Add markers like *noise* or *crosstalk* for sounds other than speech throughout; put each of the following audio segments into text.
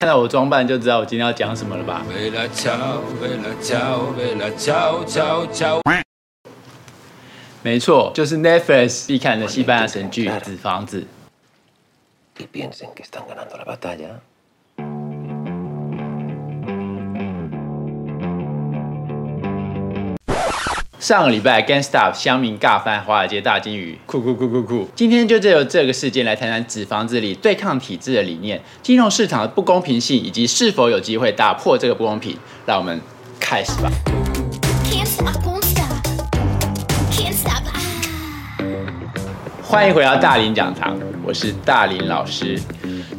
看到我裝扮就知道我今天要講什麼了吧？ *music* 沒錯，就是 Netflix 必看的西班牙神劇《紙 *music* 房子》。 *music* 上個禮拜 GameStop 鄉民軋翻華爾街大鯨魚，酷酷酷酷酷，酷！今天就借由這個事件，來談談紙房子裡對抗體制的理念，金融市場的不公平性，以及是否有機會打破這個不公平。讓我們開始吧。歡迎回到大林講堂，我是大林老師。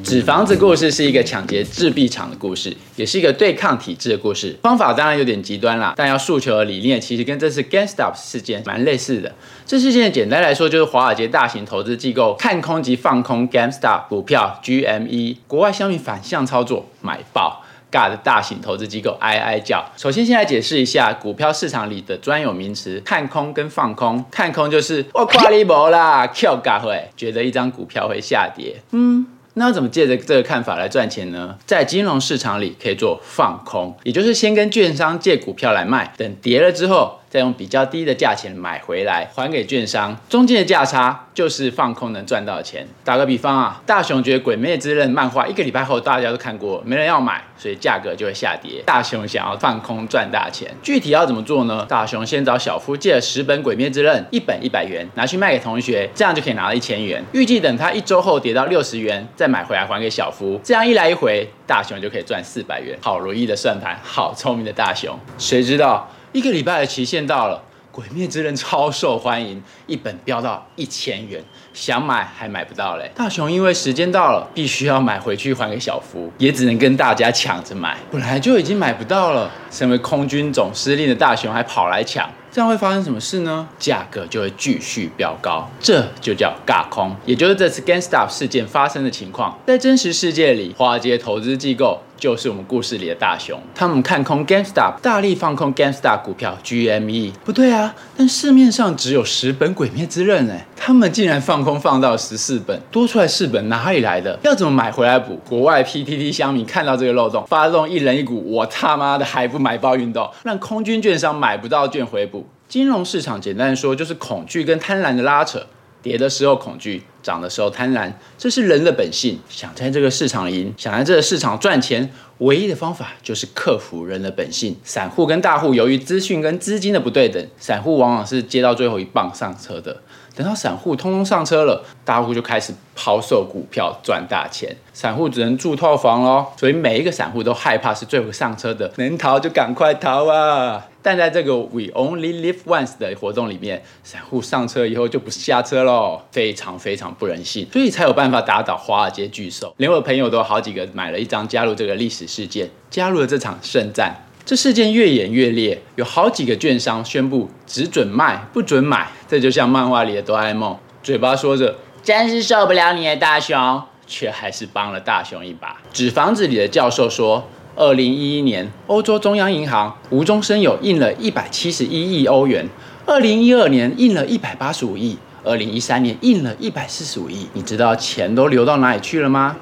紙房子故事是一個搶劫製幣廠的故事，也是一個對抗體制的故事。方法當然有點極端啦，但要訴求的理念其實跟這次 GameStop 事件蠻類似的。這事件簡單來說就是華爾街大型投資機構看空及放空 GameStop 股票 GME，國外鄉民反向操作買爆，尬的大型投資機構哀哀叫。首先，先來解釋一下股票市場裡的專有名詞“看空”跟“放空”。看空就是我誇你薄啦，Q 尬會，覺得一張股票會下跌。嗯，那怎麼借着這個看法來賺錢呢？在金融市場裡可以做放空，也就是先跟券商借股票來賣，等跌了之後。再用比較低的價錢買回來，還給券商，中間的價差就是放空能賺到錢。打個比方啊，大雄覺得《鬼滅之刃》漫畫一個禮拜後大家都看過，沒人要買，所以價格就會下跌。大雄想要放空賺大錢，具體要怎麼做呢？大雄先找小夫借了十本《鬼滅之刃》，一本一百元，拿去賣給同學，這樣就可以拿到一千元。預計等他一周後跌到六十元，再買回來還給小夫。這樣一來一回，大雄就可以賺四百元。好容易的算盤，好聰明的大雄。誰知道？一個禮拜的期限到了，《鬼滅之刃》超受歡迎，一本飆到一千元，想買還買不到嘞欸。大雄因為時間到了，必須要買回去還給小夫，也只能跟大家搶着買。本來就已經買不到了，身為空軍總司令的大雄還跑來搶。這樣會發生什麼事呢？價格就會繼續飆高，這就叫軋空，也就是這次 GameStop 事件發生的情況。在真實世界裡，華爾街投資機構就是我們故事裡的大熊，他們看空 GameStop，大力放空 GameStop 股票 GME。不對啊，但市面上只有十本《鬼滅之刃》欸他們竟然放空放到十四本，多出來四本哪裡來的？要怎麼買回來補？國外 PTT 鄉民看到這個漏洞，發動一人一股，我他媽的還不買爆運動，讓空軍券商買不到券回補。金融市場簡單說就是恐懼跟貪婪的拉扯，跌的時候恐懼。漲的時候貪婪，這是人的本性。想在這個市場贏，想在這個市場賺錢，唯一的方法就是克服人的本性。散戶跟大戶由於資訊跟資金的不對等，散戶往往是接到最後一棒上車的。等到散戶通通上車了，大戶就開始拋售股票賺大錢，散戶只能住套房嘍。所以每一個散戶都害怕是最後上車的，能逃就趕快逃啊！但在這個 We Only Live Once 的活動裡面，散戶上車以後就不下車嘍，非常非常不人性，所以才有辦法打倒華爾街巨獸。連我朋友都好幾個買了一張，加入這個歷史事件，加入了這場聖戰。這事件越演越烈，有好幾個券商宣布只準賣不准買。這就像漫畫裡的哆啦 A 夢，嘴巴說着“真是受不了你的大雄”，卻還是幫了大雄一把。紙房子裡的教授說，二零一一年歐洲中央銀行無中生有印了一百七十一億歐元，二零一二年印了一百八十五億。二零一三年印了一百四十五億，你知道錢都流到哪裡去了嗎？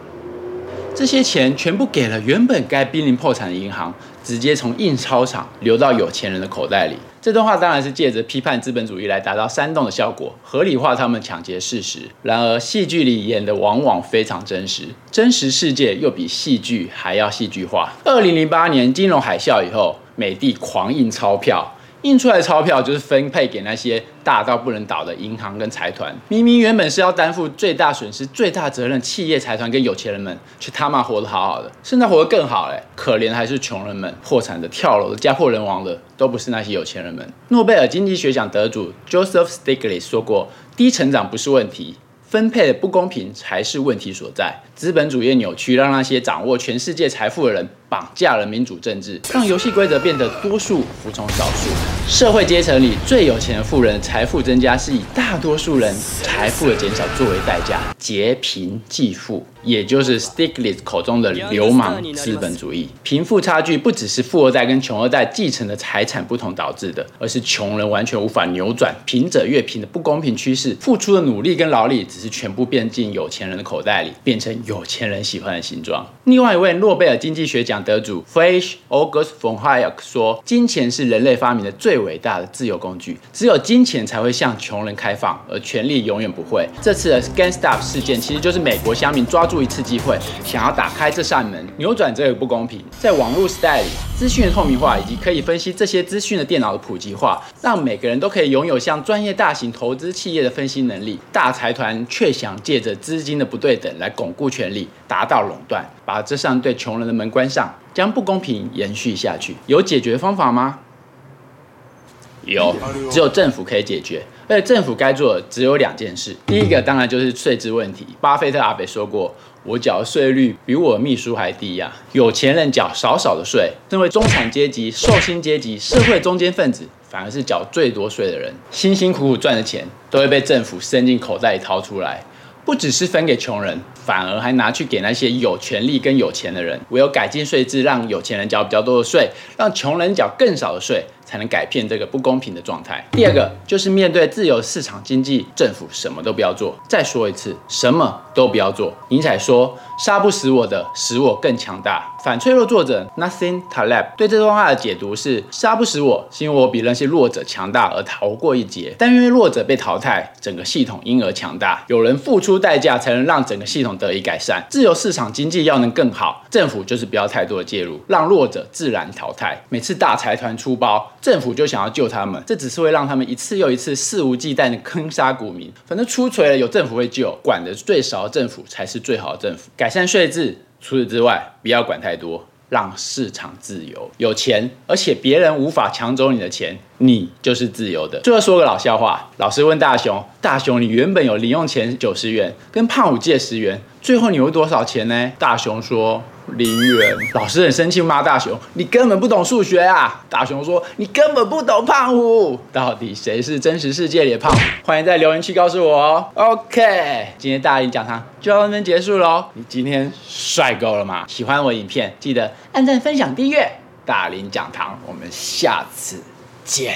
這些錢全部給了原本該瀕臨破產的銀行，直接從印鈔廠流到有錢人的口袋裡。這段話當然是借着批判資本主義來達到煽動的效果，合理化他們搶劫事實。然而，戲劇裡演的往往非常真實，真實世界又比戲劇還要戲劇化。二零零八年金融海嘯以後，美帝狂印鈔票。印出來的鈔票就是分配給那些大到不能倒的銀行跟財團。明明原本是要擔負最大損失、最大責任的企業財團跟有錢人們，卻他媽活得好好的，甚至活得更好嘞！可憐還是窮人們，破產的、跳樓的、家破人亡的，都不是那些有錢人們。諾貝爾經濟學獎得主 Joseph Stiglitz 說過：“低成長不是問題，分配的不公平才是問題所在。資本主義扭曲，讓那些掌握全世界財富的人。”綁架了民主政治，讓遊戲規則變得多數服從少數。社會階層裡最有錢的富人的財富增加，是以大多數人財富的減少作為代價，劫貧濟富，也就是史迪格里茲口中的流氓資本主義。貧富差距不只是富二代跟窮二代繼承的財產不同導致的，而是窮人完全無法扭轉貧者越貧的不公平趨勢，付出的努力跟勞力只是全部變進有錢人的口袋裡，變成有錢人喜歡的形狀。另外一位諾貝爾經濟學獎。得主 Friedrich August von Hayek 說：“金錢是人類發明的最偉大的自由工具，只有金錢才會向窮人開放，而權力永遠不會。”這次的 GameStop 事件其實就是美國鄉民抓住一次機會，想要打開這扇門，扭轉這個不公平。在網絡時代裡，資訊的透明化以及可以分析這些資訊的電腦的普及化，讓每個人都可以擁有像專業大型投資企業的分析能力。大財團卻想借着資金的不對等來鞏固權力，達到壟斷，把這扇對窮人的門關上，將不公平延續下去。有解決方法嗎？有，只有政府可以解決。而且政府該做的只有兩件事，第一個當然就是稅制問題。巴菲特阿北說過。我繳的稅率比我秘書還低呀！有錢人繳少少的稅，身為中產階級、受薪階級、社會中間分子，反而是繳最多稅的人。辛辛苦苦賺的錢，都會被政府伸進口袋裡掏出來，不只是分給窮人，反而還拿去給那些有權利跟有錢的人。唯有改進稅制，讓有錢人繳比較多的稅，讓窮人繳更少的稅，才能改變這個不公平的狀態。第二個就是面對自由市場經濟，政府什麼都不要做。再說一次，什麼都不要做。尼采說：“殺不死我的，使我更強大。”反脆弱作者 Nothing Taleb 對這段話的解讀是：殺不死我是因為我比那些弱者強大而逃過一劫，但因為弱者被淘汰，整個系統因而強大。有人付出代價才能讓整個系統得以改善。自由市場經濟要能更好，政府就是不要太多的介入，讓弱者自然淘汰。每次大財團出包，政府就想要救他們，這只是會讓他們一次又一次肆無忌憚的坑殺股民。反正出錘了，有政府會救，管得最少的政府才是最好的政府，改善稅制。除此之外，不要管太多，讓市場自由。有錢，而且別人無法搶走你的錢，你就是自由的。最後說個老笑話：老師問大雄，大雄，你原本有零用錢九十元，跟胖虎借十元，最後你有多少錢呢？大雄說。林園老師很生氣，罵大雄：“你根本不懂數學啊！”大雄說：“你根本不懂胖虎。”到底誰是真實世界裡的胖虎？歡迎在留言區告訴我哦。OK，今天大林講堂就到這邊結束嘍。你今天帥夠了嗎？喜歡我影片，記得按讚、分享、訂閱。大林講堂，我們下次見。